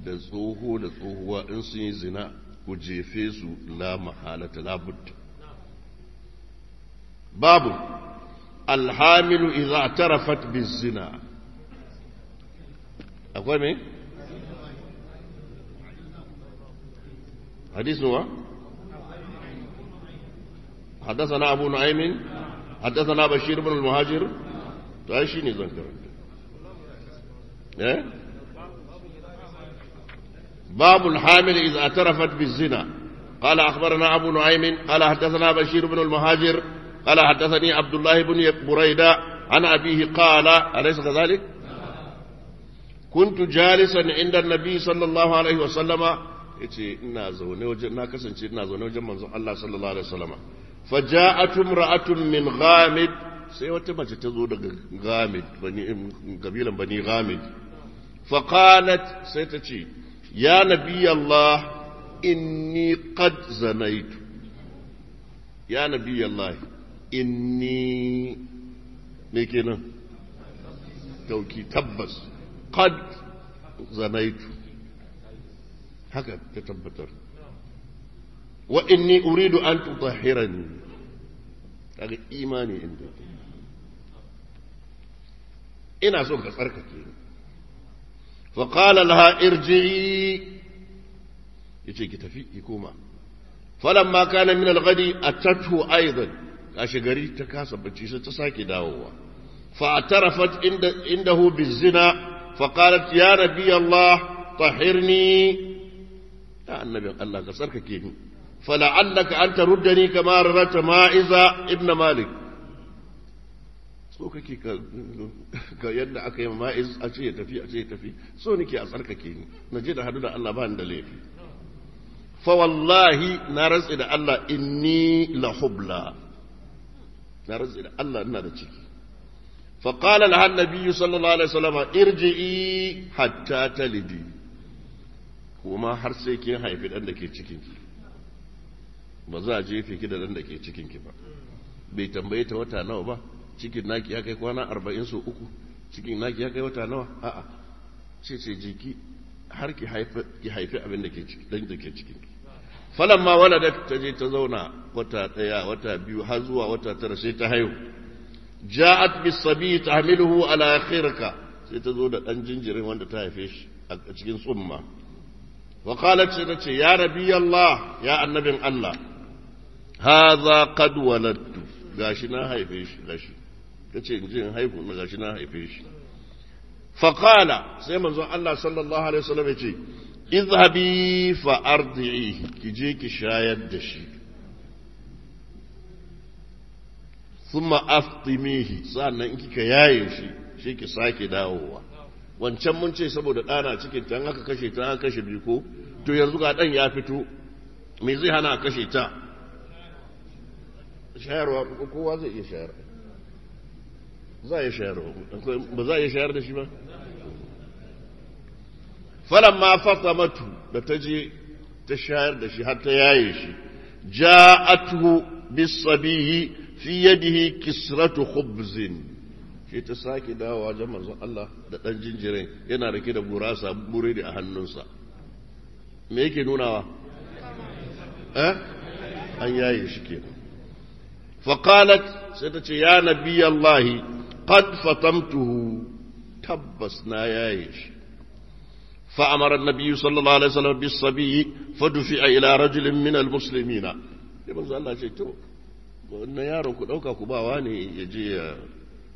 دسوهو tsoho إنسي زنا in لا محالة لا بد باب الحامل إذا اعترفت بالزنا أقول مين حديث نوع حدثنا أبو نعيم حدثنا بشير بن المهاجر تعيشيني ذنكر إيه؟ باب الحامل إذا اعترفت بالزنا قال أخبرنا أبو نعيم قال حدثنا بشير بن المهاجر قال حدثني عبد الله بن بريدة عن أبيه قال أليس كذلك kuntu jalisan inda nabi sallallahu alaihi wasallama yace ina zaune wajen na kasance ina zaune wajen manzon Allah sallallahu alaihi wasallama faja'at imra'atun min ghamid sai wata mace ta zo daga ghamid bani kabilan bani ghamid faqalat sai ta ce ya nabi Allah inni qad zanaitu ya nabi Allah inni kenan tauki tabbas قد زنيت هكذا تتبتر وإني أريد أن تطهرني هذا إيماني عندي إنا سوف أسألك فقال لها ارجعي يجي تفي يكوما فلما كان من الغد أتته أيضا أشجري تكاسب تساكي داوة فاعترفت عنده بالزنا فقالت يا نبي الله طهرني يا النبي الله كسرك كيني فلعلك أن تردني كما ردت ماعزة ابن مالك so kake ka yadda aka yi ma'iz a ce ya tafi a ce ya tafi so nake a tsarkake ni na je da hadu da Allah ba ni da laifi fa wallahi na da Allah inni la hubla na da Allah da ciki فقال لها النبي صلى الله عليه وسلم ارجعي حتى تلدي وما har sai kin haifi dan da ke cikinki ba za a jefe ki da dan da ke cikinki ba bai tambaye ta wata nawa ba cikin naki ya kai kwana arba'in so uku cikin naki ya kai wata nawa a'a ce ce jiki har ki haifi abin da ke cikin, dan cikinki falamma waladat ta je ta zauna wata daya wata biyu har zuwa wata tara sai ta haihu جاءت بالصبي تحمله على خيرك ستزود الأنجنجر وانت تايفش أتكين صمة وقالت ستة يا نبي الله يا النبي الله هذا قد ولدت غاشنا هايفش غاش تتشين هايفو غاشنا هايفش فقال سيما الله صلى الله عليه وسلم اذهبي فأرضعيه كجيك شاية دشيك thumma aftimihi sannan in kika yaye shi shi ki sake dawowa wancan mun ce saboda ɗana cikin ta haka kashe ta aka kashe biyu ko to yanzu ga ɗan ya fito me zai hana kashe ta shayarwa kowa zai iya shayar za a shayarwa ba za a shayar da shi ba falan ma fata matu da ta je ta shayar da shi har ta yaye shi ja'atuhu bisabihi في يده كسرة خبز shi ta sake dawowa wajen manzon Allah da ɗan jinjirin yana rike da gurasa buredi a hannunsa me yake nunawa eh an yaye shi kenan faqalat sai ta ce ya nabi Allah qad fatamtuhu tabbas na yaye shi fa amara annabi sallallahu alaihi wasallam bis sabi fadufi ila rajulin min al muslimina sai manzon Allah ce to wannan yaron ku ɗauka ku bawa ne ya je ya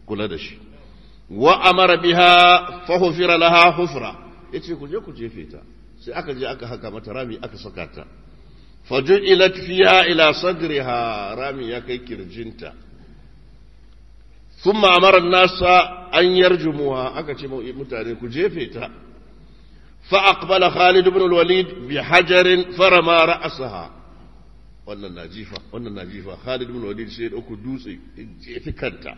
kula da shi wa amara biha fa hufira laha hufra yace ku je ku jefe ta sai aka je aka haka mata rami aka saka ta faju'ilat fiha ila sadriha rami ya kai kirjinta thumma amara an-nasa an yarjumuha aka ce mutane ku jefe ta fa aqbala Khalid ibn al-Walid bi hajarin farama ra'saha wannan na jifa wannan na jifa Khalid bin Walid sai ya dauko dutse jefi kanta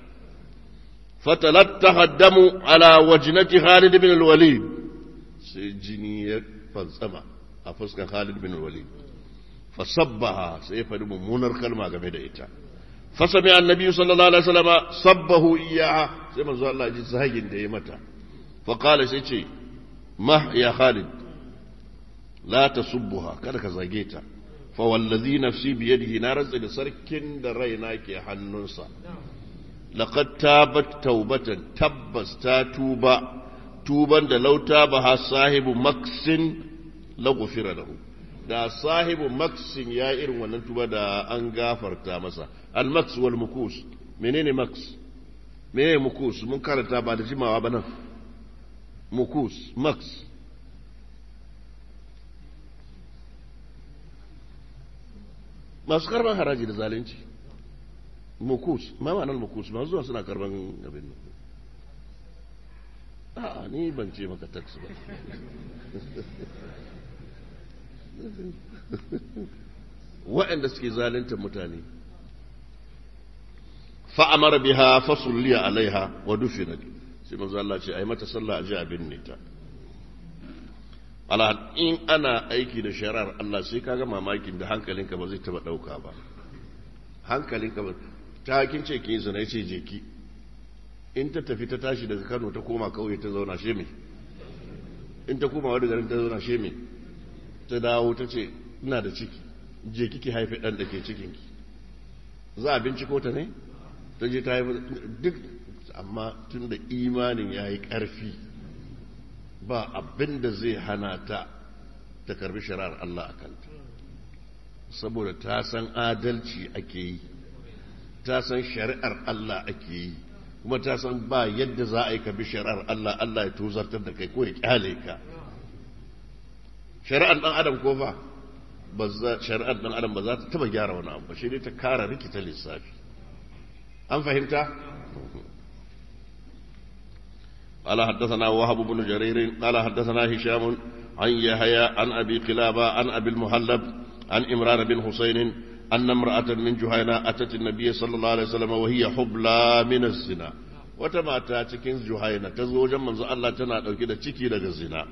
fatalat tahaddamu ala wajnati Khalid bin Walid sai jini ya fantsama a fuskan Khalid bin Walid fasabbaha sai ya faɗi mummunar kalma game da ita fasami annabi sallallahu alaihi wasallam sabbahu iyaha sai manzo Allah ji zagin da ya mata fa qala sai ce mah ya Khalid la tasubbuha kada ka zage ta fa wallazi nafsi biyadihi na rantsa da sarkin da raina ke hannunsa laqad tabat taubatan tabbas ta tuba tuban da lauta ba ha sahibu maksin la gufira da sahibu maksin ya irin wannan tuba da an gafarta masa al maks wal mukus menene maks menene mukus mun karanta ba da jimawa ba nan mukus maks masu karban haraji da zalunci mukus ma ma'anar mukus masu zuwa suna karban abin nan a'a ni ban ce maka tax ba wa'anda suke zalunta mutane amara biha fasulliya alaiha wa dufinat sai manzo Allah ce ai mata sallah aje abin ne ta ala in ana aiki da shari'ar Allah sai kaga mamakin da hankalinka ba zai taba dauka ba hankalinka ba ta kin ce ke zina ce je in ta tafi ta tashi daga Kano ta koma kauye ta zauna she me in ta koma wani garin ta zauna she me ta dawo ta ce ina da ciki je ki haife dan da ke cikin ki za a binciko ta ne ta je ta haifi duk amma tun da imanin ya yi ƙarfi ba abin da zai hana ta ta karbi shari'ar Allah a kanta saboda ta san adalci ake yi ta san shari'ar Allah ake yi kuma ta san ba yadda za a yi karbi shari'ar Allah Allah ya tozartar da kai ko ya kyale ka shari'ar ɗan adam ko ba shari'ar dan adam ba za ta taba gyara wani abu ba shi ne ta kara rikita lissafi an fahimta قال حدثنا وهب بن جرير قال حدثنا هشام عن يحيى عن أبي قلابة عن أبي المهلب عن إمران بن حسين أن امرأة من جهينة أتت النبي صلى الله عليه وسلم وهي حبلى من الزنا وتماتا تكين جهينة تزوج من الله تنا كده تشكي لك الزنا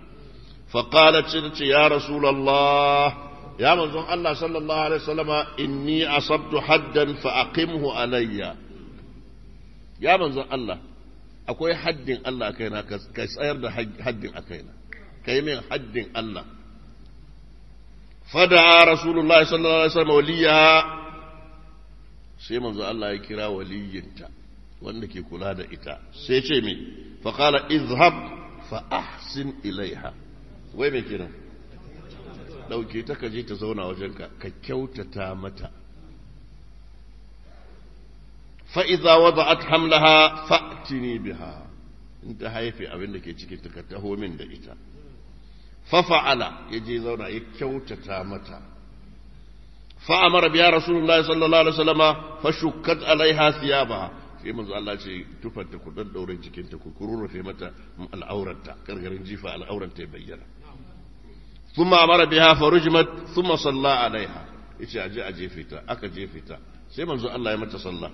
فقالت يا رسول الله يا من الله صلى الله عليه وسلم إني أصبت حدا فأقمه علي يا من الله akwai haddin Allah a kaina ka tsayar da haddin a kaina ka yi min haddin Allah fada rasulullahi sallallahu alaihi wasallam waliya sai manzo Allah ya kira waliyinta wanda ke kula da ita sai ce min fa qala izhab fa ahsin ilaiha wai me kiran dauke ta kaje ta zauna wajenka ka kyautata mata fa'iza wada'at hamlaha fa'tini biha in ta haife abin da ke cikin ta taho min da ita fafa'ala ya je zauna ya kyautata mata fa'amara biya rasulullahi sallallahu alaihi wasallama fa shukkat alaiha siyabaha sai manzo Allah ce tufanta ku dan dauren ku kururrufe mata al'aurarta gargarin jifa al'aurarta ya bayyana thumma amara biha farujmat thumma salla alaiha yace aje a jefe aka je fita. sai manzo Allah ya mata sallah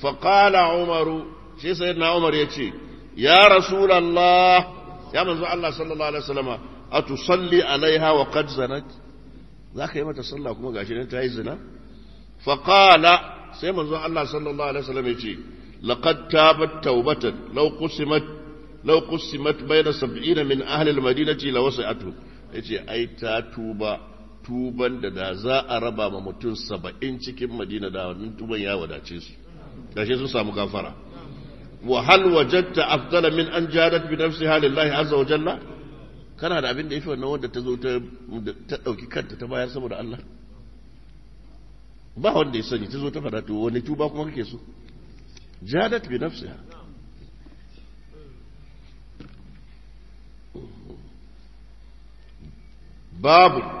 faƙala umaru shi sai na umar ya ce ya rasulallah ya manzo Allah sallallahu alaihi wasallama a tusalli alaiha wa qad zanat za ka yi mata sallah kuma gashi ne ta yi zina faƙala sai manzo Allah sallallahu alaihi wasallam ya ce laqad tabat tawbatan law qusimat law qusimat bayna sab'ina min ahli al-madinati lawasi'atu ai ta tuba tuban da da za a raba ma mutum saba'in cikin madina da wannan tuban ya wadace su ƙarshe sun samu gafara wa hal wajadta afdala min an jadat bi nafsiha lillahi azza wa jalla kana da abin da yafi wannan wanda ta zo ta dauki kanta ta bayar saboda Allah ba wanda ya sani ta zo ta fada to wani tuba kuma kake so jadat bi nafsiha babu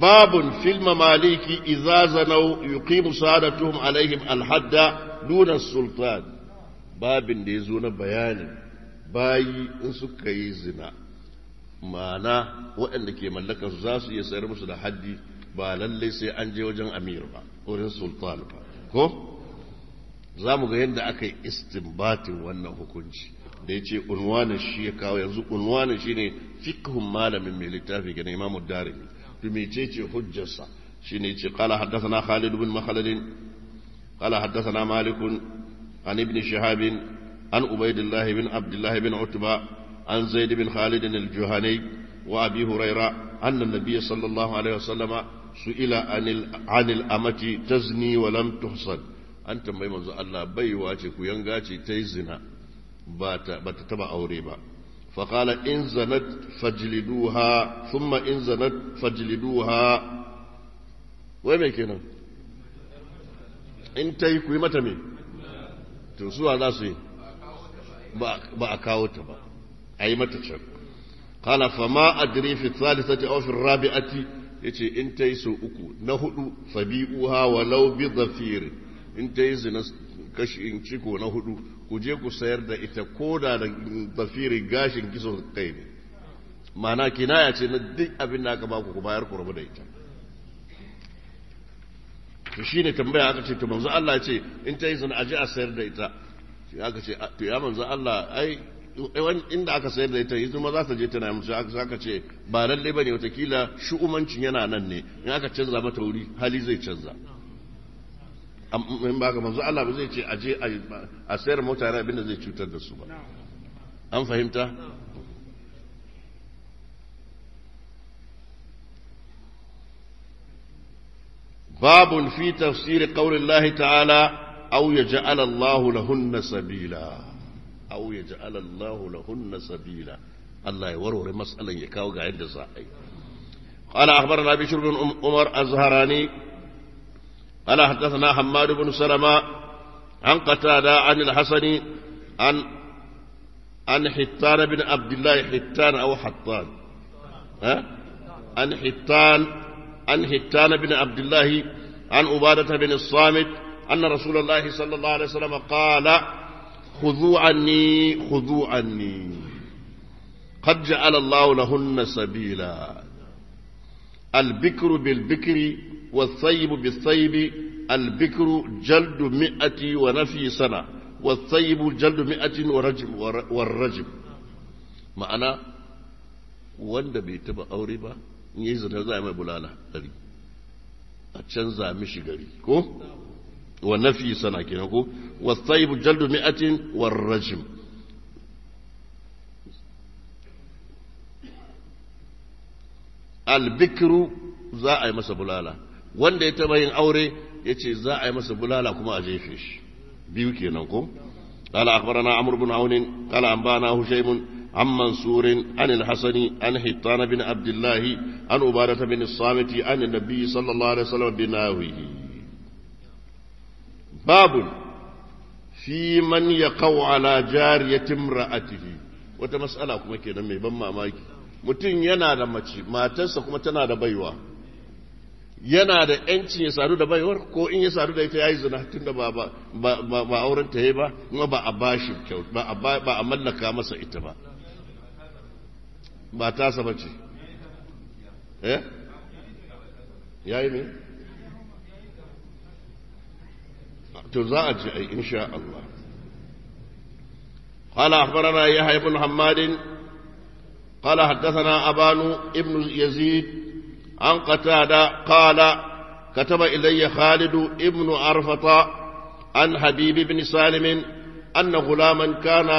babun filma maliki iza zanau yuqimu sadatuhum alaihim alhadda duna sultan babin da ya zo na bayanin bayi in suka yi zina ma'ana waɗanda ke mallaka su za su iya sayar musu da haddi ba lallai sai an je wajen amir ba wurin sultan ba ko za mu ga yadda aka yi istimbatin wannan hukunci da ya ce unwanin shi ya kawo yanzu unwanin shi ne fikhun malamin mai littafi gane imamu darimi بميتيتي حجة شنيتي قال حدثنا خالد بن مخلد قال حدثنا مالك عن ابن شهاب عن عبيد الله بن عبد الله بن عتبة عن زيد بن خالد الجهني وأبي هريرة أن النبي صلى الله عليه وسلم سئل عن عن الأمة تزني ولم تحصل an tambayi manzo Allah baiwa ce ku yanga بات ta yi zina فقال إن زنت فجلدوها ثم إن زنت فجلدوها وين كنا أنت يكوي متى تنسوها ناسي بأكاوتا سي بأكاو تبا أي متى شر قال فما أدري في الثالثة أو في الرابعة يتي أنت يسو أكو نهدو فبيئوها ولو بظفير أنت يزنس كشئ شكو نهدو ku je ku sayar da ita ko da tafiri gashin kiso kai ne mana kinaya ce na duk abin da aka baku ku bayar ku rabu da ita to shine tambaya aka ce to manzo Allah ce in ta yi aje a sayar da ita shi aka ce to ya manzo Allah ai inda aka sayar da ita yanzu ma za ta je tana musu aka ce ba lalle bane watakila shu'umancin yana nan ne in aka canza mata wuri hali zai canza in ba ga zai ce aje a sayar mota yana abinda zai cutar da su ba an fahimta babun fi tafsiri ƙaurin lahi ta'ala au ya ji lahunna sabila ya ji Allah ya warware matsalan ya kawo ga yadda za a yi ƙwala akbar na bishirin umar azharani قال حدثنا حماد بن سلمة عن قتادة عن الحسن عن عن حتان بن عبد الله حتان أو حطان ها؟ عن حتان عن حتان بن عبد الله عن عبادة بن الصامت أن رسول الله صلى الله عليه وسلم قال خذوا عني خذوا عني قد جعل الله لهن سبيلا البكر بالبكر والصيب بالصيب البكر جلد مئة ونفي سنة والصيب جلد مئة ورجم والرجم معنى wanda bai taba aure ba in yi zina za a mai bulala gari a canza mishi gari ko wa nafi sana kenan ko wasaibu jaldu mi'atin war rajim albikru za a yi masa bulala wanda ya taba yin aure ya ce za a yi masa bulala kuma a jefe shi biyu kenan ko قال أخبرنا عمرو بن عون قال أنبانا هشيم عن منصور عن الحسن عن حطان بن عبد الله عن عبادة بن الصامت عن النبي صلى الله عليه وسلم باب في من على جارية امرأته وتمسألة كما كنا متين ينا da mace matarsa kuma tana da baiwa yana da yancin ya sadu da baiwar ko in ya sadu da ita yayi zina tunda ba ba ba auren ta ba kuma ba a bashi kyau ba a ba a mallaka masa ita ba ba ta saba ce eh yayi ne to za a ji ai insha Allah قال أخبرنا يحيى بن حماد قال حدثنا أبان ابن يزيد عن قتادة قال كتب إلي خالد ابن أرفط عن حبيب بن سالم أن غلاما كان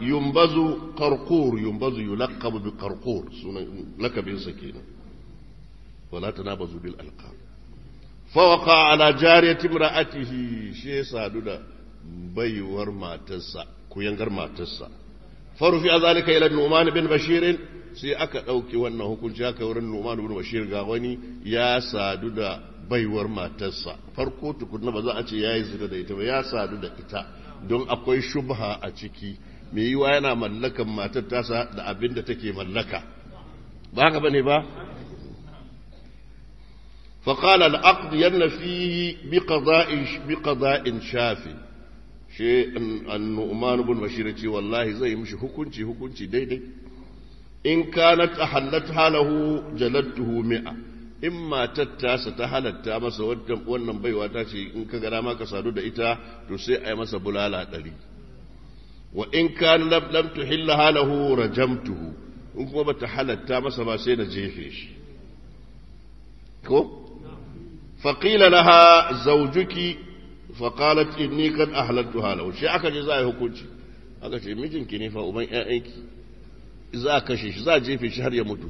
ينبز قرقور ينبز يلقب بقرقور لقب سكينة ولا تنابزوا بالألقاب فوقع على جارية امرأته شيء سادودا بيور ما تسا كوينغر ما تسا فرفع ذلك إلى النعمان bin Bashirin, sai aka ɗauki wannan hukunci aka wurin Numan bin Bashir ga wani ya sadu da baiwar matarsa farko tukunna ba za a ce yayi zina da ita ba ya sadu da ita don akwai shubha a ciki me wa yana mallakan matar tasa da abin da take mallaka ba haka ne ba فقال العقد ينفيه بقضاء بقضاء شافي shi um, annu'man ibn bashir ce wallahi zai yi mishi hukunci hukunci daidai in kanat ahallat halahu jalattuhu mi'a in matar tasa ta halatta masa wannan baiwa ta ce in ka gara ma ka sadu da ita to sai a yi masa bulala ɗari wa in ka lam tuhilla halahu rajamtuhu in kuma bata halatta masa ba sai na jefe shi ko faqila laha zawjuki faqalat inni kad ahlaltu halahu shi aka je za a yi hukunci aka ce mijinki ne fa uban ƴaƴanki za a kashe shi za a jefe shi har ya mutu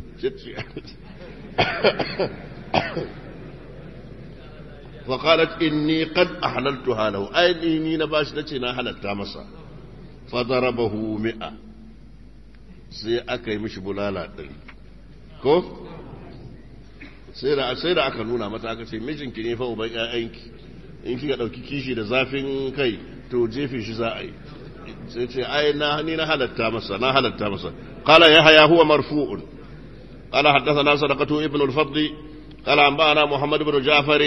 faqalat inni kad ahlaltu halahu ai ni na bashi nace na halatta masa fa darabahu mi'a sai aka yi mishi bulala ɗin ko sai da aka nuna mata aka ce mijinki ne fa uban ƴaƴanki in kika ɗauki kishi da zafin kai to jefe shi za a yi sai ce ai na ni na halatta masa na halatta masa qala ya haya huwa marfu'un qala haddathana sadaqatu ibn al-fadl qala anba'ana muhammad ibn ja'far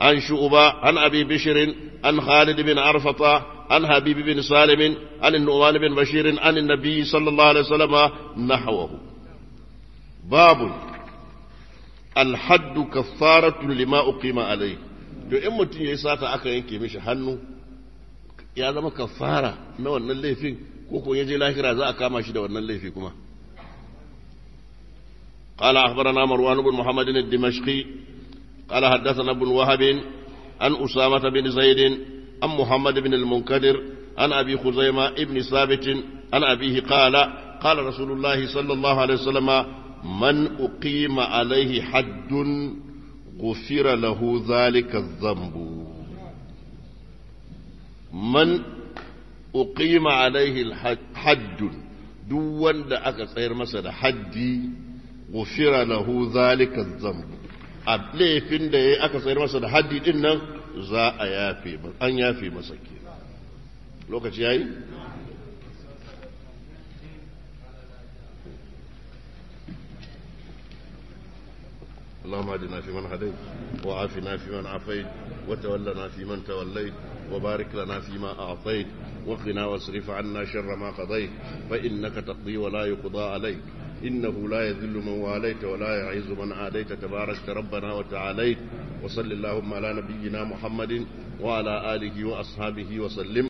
an shu'ba an abi bishr an khalid ibn arfata an habib ibn salim an nu'man ibn bashir an an-nabi sallallahu alaihi wasallam nahwahu babu الحد كفارة لما أقيم عليه to in mutum ya yi sata aka yanke mishi hannu ya zama kafara na wannan laifin ko ko ya je lahira za a kama shi da wannan laifi kuma قال أخبرنا مروان بن محمد الدمشقي قال حدثنا ابن وهب عن أسامة بن زيد عن محمد بن المنكدر عن أبي خزيمة ابن ثابت عن أبيه قال قال رسول الله صلى الله عليه وسلم من أقيم عليه حد غفر له ذلك الذنب من أقيم عليه الحد duk wanda aka tsayar masa da haddi gufira lahu zalika zambu a laifin da ya aka tsayar masa da haddi din nan za a yafe an yafe masa ke lokaci yayi اللهم اهدنا فيمن هديت وعافنا فيمن عافيت وتولنا فيمن توليت وبارك لنا فيما أعطيت وقنا واصرف عنا شر ما قضيت فإنك تقضي ولا يقضى عليك إنه لا يذل من واليت ولا يعز من عاديت تبارك ربنا وتعاليت وصل اللهم على نبينا محمد وعلى آله وأصحابه وسلم